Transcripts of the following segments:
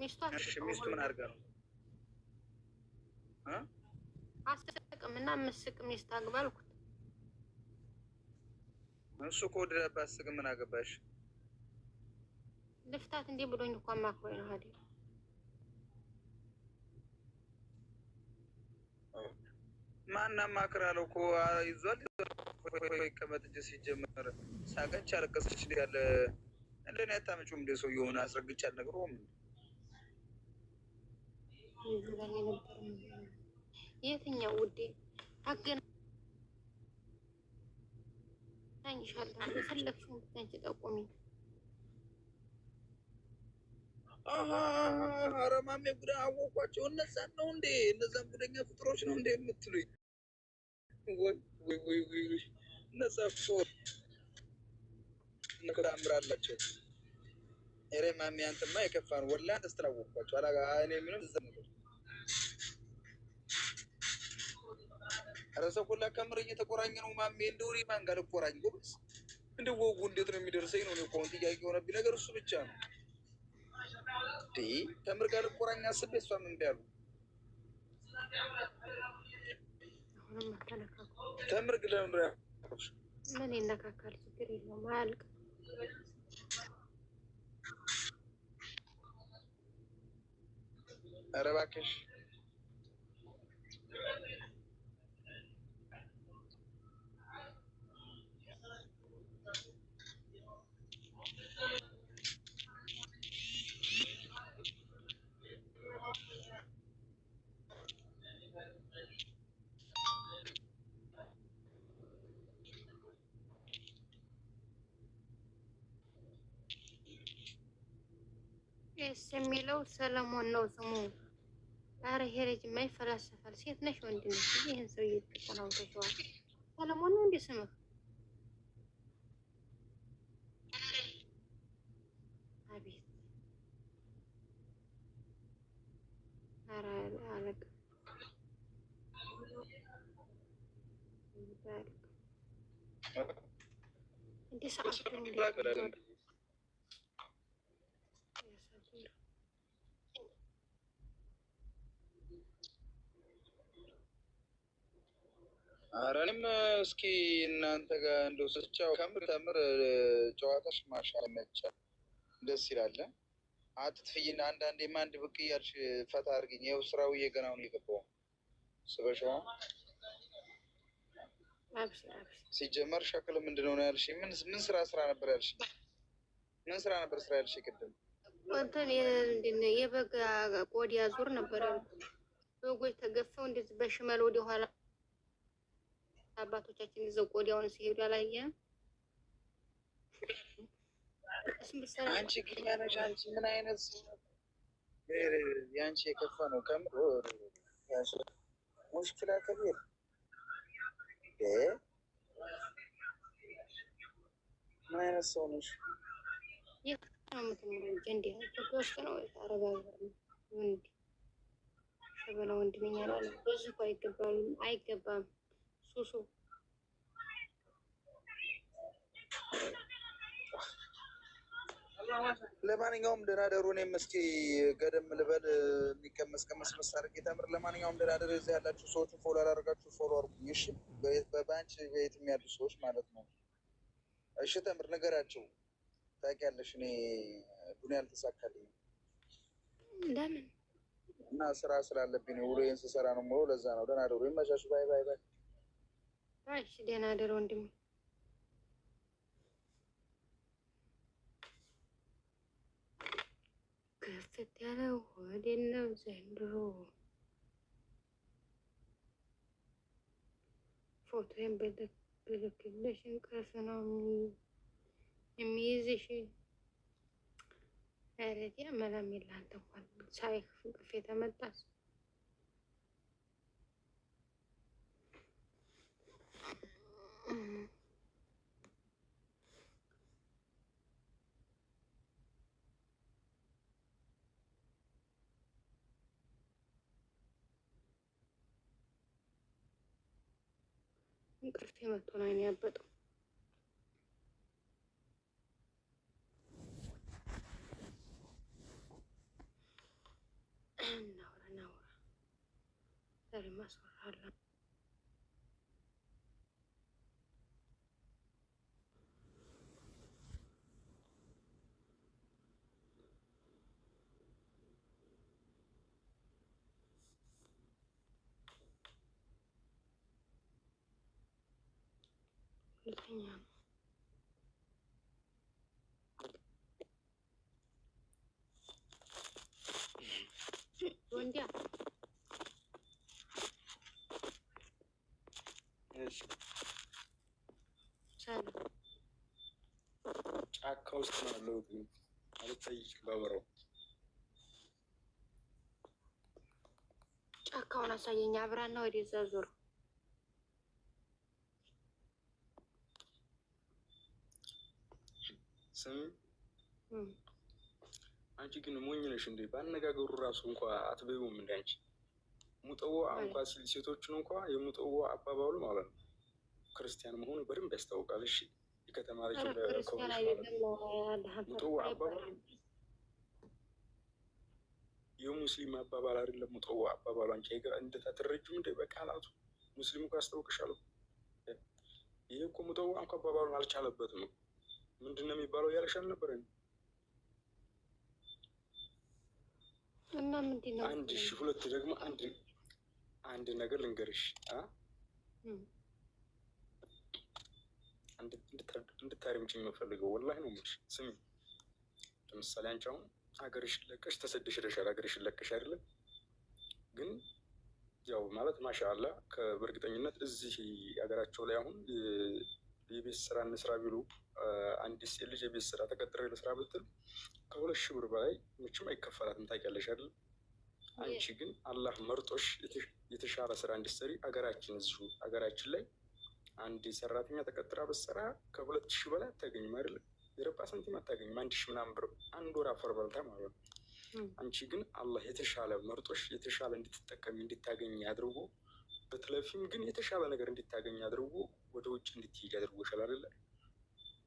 ሚስቱ ምን አድርጋ ነው? አስቅም እና ምስቅ ሚስት አግባ አልኩት። እሱ ከወደደ ባስቅም ምን አገባሽ? ልፍታት እንዴ ብሎኝ እኮ አማክሮኝ ነው አይደል? ማን አማክር እኮ ይዟል ይቀመጥ እንጂ ሲጀመር ሳቀች አለቀሰች ያለ እንደኔ አታመጪውም እንደ ሰው የሆነ አስረግጫ የትኛው ውዴ አገናኝሻለሁ። የፈለግሽውን ብታንቺ ጠቁሚ። ኧረ ማሜ ጉዳ አወኳቸው። እነዛን ነው እንዴ? እነዛን ጉደኛ ፍጥሮች ነው እንዴ የምትሉኝ? እነዛ ነገር አምራላቸው። ኧረ ማሜ አንተማ የከፋ ነው። ወላሂ አንተ ስትላወቅኳቸው እኔ ምንም ረሰው ሁላ ከምር እየተቆራኘ ነው ማሜ። እንደው እኔ ማን ጋር ልቆራኝ ጎበዝ? እንደው ወጉ እንዴት ነው የሚደርሰኝ ነው እኮ ጥያቄ የሆነብኝ ነገር እሱ ብቻ ነው። ከምር ጋር ልቆራኝ አስቤ እሷም እምቢ አሉ። ከምር ግን ለምር ምን ይነካካል? ችግር የለውም አያልቅም። ኧረ እባክሽ ደስ የሚለው ሰለሞን ነው ስሙ። ኧረ ይሄ ልጅ የማይፈላሰፋል። ሴት ነሽ ወንድ ነሽ? ይህን ሰውዬ ትቆናውተሸዋል። ሰለሞን ነው እንደ ስምህ? አቤት ኧረ አለቅ እንዲህ ሰዓት ኧረ እኔም እስኪ እናንተ ጋር እንደው ስቻው ከምር ተምር ጨዋታሽ ማሻል መቻል ደስ ይላለ። አትጥፍይና አንዳንዴማ አንድ ብቅ እያልሽ ፈታ አድርጊኝ። ይኸው ስራው እየገናውን የገባው ስበሻ ሲጀመር ሸክል ምንድን ነው ያልሽ? ምን ስራ ስራ ነበር ያልሽ? ምን ስራ ነበር ስራ ያልሽ? ቅድም እንትን የበግ ቆዳ ዙር ነበር። በጎች ተገፈው እንደዚህ በሽመል ወደኋላ አባቶቻችን ይዘው ቆዳውን ሲሄዱ አላየ አንቺ ግኛነሽ አንቺ ምን አይነት የአንቺ የከፋ ነው ከምሮ ሙሽኪላ ከቢር ምን አይነት ሰው ነሽ? ወንድ ሸበላ ወንድ ነኝ አይገባም። ሹሹ ለማንኛውም ድራደሩ እኔም እስኪ ገደም ልበል የሚቀመስ ቀመስ መሳርቅ ጌታምር። ለማንኛውም ድራደር እዚህ ያላችሁ ሰዎች ፎሎ አላደርጋችሁ ፎሎ አድርጉኝ። እሺ፣ በባንች ቤት የሚያሉ ሰዎች ማለት ነው። እሺ፣ ተምር ነገራቸው ታውቂያለሽ። እኔ ዱኒያ አልተሳካልኝ እና ስራ ስላለብኝ ውሎ ስሰራ ነው የምውለው። ለዛ ነው። ደህና ደሩ። ይመቻችሁ። ባይ ባይ ባይ አይ እሺ፣ ደህና ደር ወንድሜ። ከፍት ያለው ሆዴ ነው ዘንድሮ። ፎቶን ብልክልሽ እንቅልፍ ነው የሚይዝሽ። ኧረ መላም የለ እንኳን ሳይህ እንቅልፍ የተመጣ እንቅልፍ የመቶ ነው የሚያበጠው። እናውራ እናውራ ልተኛ ነው። ወንዲያ ጫካ ውስጥ ነው ያለው። አልጠይቅም። በበረው ጫካውን አሳየኝ። አብራና ወደዛ ዞር ስሚ አንቺ ግን ሞኝ ነሽ እንዴ? በአነጋገሩ ራሱ እንኳ አትበይውም እንደ አንቺ ሙጠዋ እንኳ ሲል ሴቶችን እንኳ የሙጠዋ አባባሉ ማለት ነው ክርስቲያን መሆኑ በደንብ ያስታውቃል። እሺ ሙጠዋ አባባሉ የሙስሊም አባባል አይደለም። ሙጠዋ አባባሉ አንቺ በቃላቱ ሙስሊም እኮ ያስታውቅሻል። ይህ እኮ ሙጠዋ እንኳ አባባሉን አልቻለበትም። ምንድን ነው የሚባለው እያልሽ አልነበረ? እና ምንድን ነው አንድ ሺ ሁለት ደግሞ አንድ አንድ ነገር ልንገርሽ እንድታሪምጭ የምፈልገው ወላሂ ነው የምልሽ። ስሚ ለምሳሌ አንቺ አሁን ሀገርሽን ለቀሽ ተሰደሽ ሄደሻል። ሀገርሽን ለቀሽ አይደለም ግን ያው ማለት ማሻአላ ከበእርግጠኝነት እዚህ ሀገራቸው ላይ አሁን የቤት ስራ እንስራ ቢሉ አንድ ሴት ልጅ የቤት ስራ ተቀጥረ ለስራ ብትል ከሁለት ሺህ ብር በላይ መቼም አይከፈላትም። ታውቂያለሽ አይደል? አንቺ ግን አላህ መርጦሽ የተሻለ ስራ እንዲሰሪ አገራችን እዚሁ አገራችን ላይ አንድ ሰራተኛ ተቀጥራ በሰራ ከሁለት ሺህ በላይ አታገኝም አይደል? የረባ ሳንቲም አታገኝም። አንድ ሺህ ምናምን ብር አንድ ወር አፈር በልታ ማለት ነው። አንቺ ግን አላህ የተሻለ መርጦሽ የተሻለ እንድትጠቀሚ እንድታገኝ አድርጎ በትለፊም ግን የተሻለ ነገር እንድታገኝ አድርጎ ወደ ውጭ እንድትሄድ አድርጎሻል አይደለ?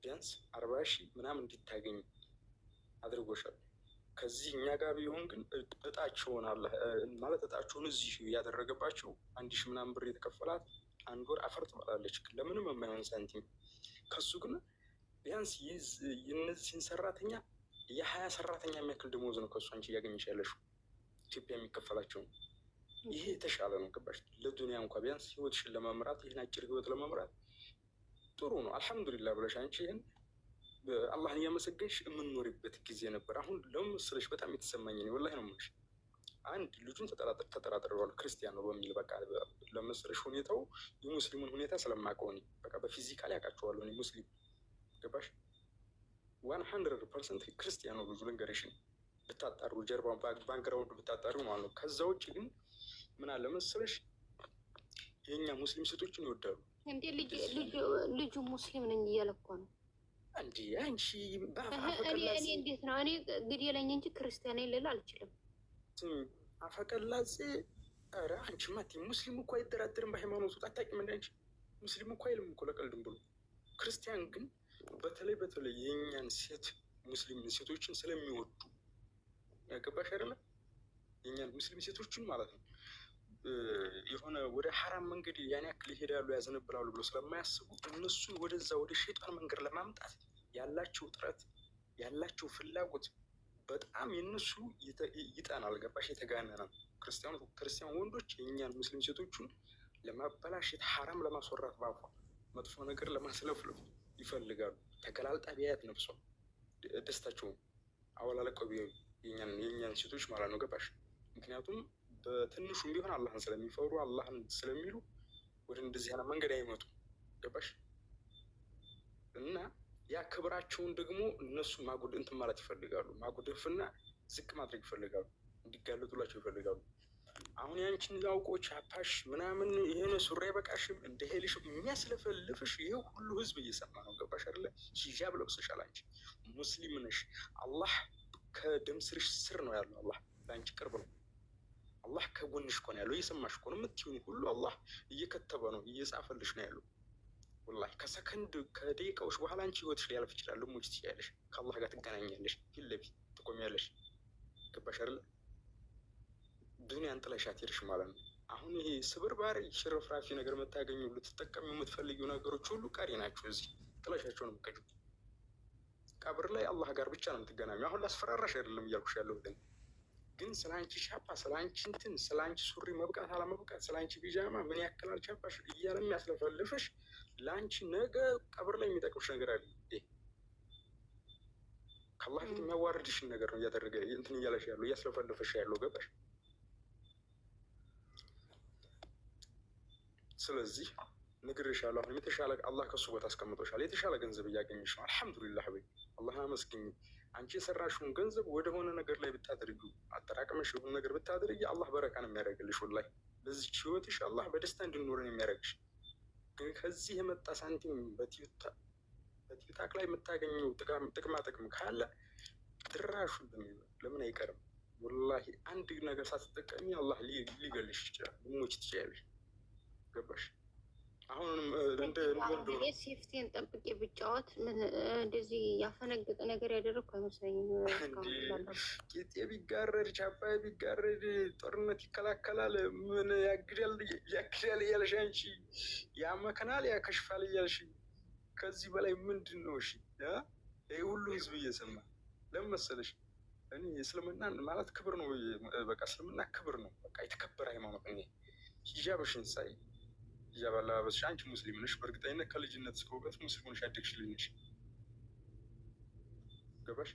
ቢያንስ አርባ ሺህ ምናምን እንድታገኝ አድርጎሻል። ከዚህ እኛ ጋር ቢሆን ግን እጣቸውን አለ ማለት እጣቸውን እዚህ ያደረገባቸው አንድ ሺህ ምናምን ብር የተከፈላት አንድ ወር አፈር ትበላለች፣ ለምንም የማይሆን ሳንቲም። ከሱ ግን ቢያንስ የነዚህን ሰራተኛ የሀያ ሰራተኛ የሚያክል ደሞዝ ነው ከሱ አንቺ እያገኘሽ ያለሽው ኢትዮጵያ የሚከፈላቸው ይሄ የተሻለ ነው። ገባሽ? ለዱኒያ እንኳ ቢያንስ ህይወትሽን ለመምራት ይህን አጭር ህይወት ለመምራት ጥሩ ነው። አልሐምዱሊላ ብለሽ አንቺ ይህን አላህን እያመሰገንሽ የምንኖርበት ጊዜ ነበር። አሁን ለምስልሽ በጣም የተሰማኝ ነው። ወላሂ ነው የምልሽ። አንድ ልጁን ተጠራጥረዋል ክርስቲያን ነው በሚል በቃ ለምስልሽ ሁኔታው የሙስሊሙን ሁኔታ ስለማውቀው እኔ በቃ በፊዚካል ያውቃቸዋለሁ እኔ ሙስሊም ገባሽ? ዋን ሀንድረድ ፐርሰንት ክርስቲያን ነው ልጁ ልንገርሽ፣ ብታጣሩ ጀርባ ባክግራውንድ ብታጣሩ ማለት ነው። ከዛ ውጭ ግን ምን አለ መሰለሽ የእኛ ሙስሊም ሴቶችን ይወዳሉ። ልጁ ሙስሊም ነኝ እያለ እኮ ነው። እንዲ አንቺ እኔ እንዴት ነው እኔ ግዴለኝ እንጂ ክርስቲያን ልል አልችልም። አፈቀላጼ ኧረ አንቺ ማቲ ሙስሊም እኮ አይደራደርም በሃይማኖቱ አታውቂም። እንደ አንቺ ሙስሊም እኮ አይልም እኮ ለቀልድም ብሎ ክርስቲያን ግን በተለይ በተለይ የእኛን ሴት ሙስሊም ሴቶችን ስለሚወዱ ያገባሽ አይደለ የእኛን ሙስሊም ሴቶችን ማለት ነው የሆነ ወደ ሀራም መንገድ ያን ያክል ይሄዳሉ ያዘንብላሉ ብሎ ስለማያስቡ እነሱ ወደዛ ወደ ሸይጣን መንገድ ለማምጣት ያላቸው ጥረት ያላቸው ፍላጎት በጣም የነሱ ይጠናል። ገባሽ? የተጋነነ ክርስቲያን ወንዶች የእኛን ሙስሊም ሴቶቹን ለማበላሸት ሀራም ለማስወራት ባፏ መጥፎ ነገር ለማስለፍለፍ ይፈልጋሉ። ተገላልጣ ቢያያት ነፍሷ ደስታቸው አወላለቀው የእኛን ሴቶች ማለት ነው። ገባሽ? ምክንያቱም በትንሹም ቢሆን አላህን ስለሚፈሩ አላህን ስለሚሉ ወደ እንደዚህ አይነት መንገድ አይመጡም። ገባሽ እና ያ ክብራቸውን ደግሞ እነሱ ማጉድ እንትን ማለት ይፈልጋሉ። ማጉድፍና ዝቅ ማድረግ ይፈልጋሉ። እንዲጋለጡላቸው ይፈልጋሉ። አሁን ያንቺን ላውቆች አፓሽ ምናምን የሆነ ሱሪ በቃሽም እንደ ሄልሽ የሚያስለፈልፍሽ ይህ ሁሉ ህዝብ እየሰማ ነው። ገባሽ አለ ሂጃብ ለብሰሻል። አንቺ ሙስሊም ነሽ። አላህ ከደም ስርሽ ስር ነው ያለው። አላህ ለአንቺ ቅርብ ነው። አላህ ከጎንሽ እኮ ነው ያለው። እየሰማሽ እኮ ነው የምትይውን ሁሉ አላህ እየከተበ ነው እየጻፈልሽ ነው ያለው። ወላሂ ከሰከንድ ከደቂቃዎች በኋላ አንቺ ህይወትሽ ሊያልፍ ይችላል። ልሞች ትችያለሽ። ከአላህ ጋር ትገናኛለሽ። ፊት ለፊት ትቆሚያለሽ። ገባሽ አይደለ? ዱኒያን ጥለሻት ማለት ነው። አሁን ይሄ ስብርባሪ ሽርፍራፊ ነገር የምታገኙ ልትጠቀሚ የምትፈልጊው ነገሮች ሁሉ ቀሪ ናቸው። እዚህ ጥለሻቸው ነው የምትቀጂው። ቀብር ላይ አላህ ጋር ብቻ ነው የምትገናኙ። አሁን ላስፈራራሽ አይደለም እያልኩሽ ያለው ግን ስለ አንቺ ሻፓ፣ ስለ አንቺ እንትን፣ ስለ አንቺ ሱሪ መብቃት አለመብቃት፣ ስለ አንቺ ቢጃማ ምን ያክል አልቻፓሽ እያለ የሚያስለፈልፍሽ ለአንቺ ነገ ቀብር ላይ የሚጠቅምሽ ነገር አለ። ከአላህ ፊት የሚያዋርድሽን ነገር ነው እያደረገ እንትን እያለሽ ያለው እያስለፈልፍሽ ያለው ገባሽ። ስለዚህ ንግርሻለሁ። አሁንም የተሻለ አላህ ከሱ ቦታ አስቀምጦሻል። የተሻለ ገንዘብ እያገኘሽ ነው። አልሐምዱሊላህ ወይ አላህ አመስግኝ። አንቺ የሰራሽውን ገንዘብ ወደሆነ ነገር ላይ ብታደርጊ አጠራቅመሽ የሆነ ነገር ብታደርጊ አላህ በረካ ነው የሚያደርግልሽ። ወላሂ በዚች ህይወትሽ አላህ በደስታ እንድንኖር ነው የሚያደርግሽ። ግን ከዚህ የመጣ ሳንቲም በቲክታክ ላይ የምታገኘው ጥቅማ ጥቅም ካለ ድራሹ ለምን አይቀርም? ወላሂ አንድ ነገር ሳትጠቀሚ አላህ ሊገልሽ ይችላል። ሞች ትችያለሽ። ገባሽ? ሴፍቲን ጠብቄ ብጫወት እንደዚህ ያፈነገጠ ነገር ያደረግኩ አይመስለኝም። ቄጤ ቢጋረድ ቻባይ ቢጋረድ ጦርነት ይከላከላል። ምን ያግዳል እያልሽ አንቺ ያመከናል ያከሽፋል እያልሽ ከዚህ በላይ ምንድን ነው? እሺ ይህ ሁሉ ህዝብ እየሰማ ለምን መሰለሽ? እኔ እስልምና ማለት ክብር ነው። በቃ እስልምና ክብር ነው። በቃ የተከበረ ሃይማኖት እኔ ሂጃብሽን ሳይ ሂጃብ አለባበስሽ አንቺ ሙስሊም ነሽ። በእርግጠኝነት ከልጅነት እስከ እውቀት ሙስሊም ሆነሽ ያደግሽልኝ ነሽ። ገባሽ?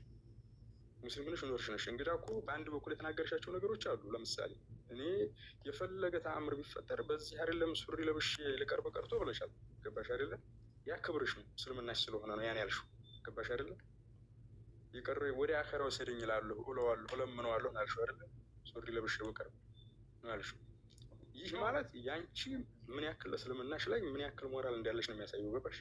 ሙስሊም ነሽ ኖርሽ ነሽ። እንግዳ እኮ በአንድ በኩል የተናገርሻቸው ነገሮች አሉ። ለምሳሌ እኔ የፈለገ ተአምር ቢፈጠር በዚህ አይደለም ሱሪ ለብሼ ልቀርብ ቀርቶ ብለሻል። ገባሽ ያ ክብርሽ ነው እስልምናሽ ስለሆነ ነው ያን ያልሽው። ገባሽ አይደለ? የቀረ ወደ አኸራ ወሰደኝ እላለሁ፣ እለዋለሁ፣ እለምነዋለሁ ነው ያልሽው አይደለም? ሱሪ ለብሼ ብቀርብ ነው ያልሽው ይህ ማለት ያንቺ ምን ያክል እስልምናሽ ላይ ምን ያክል ሞራል እንዳለሽ ነው የሚያሳየው። ገባሽ?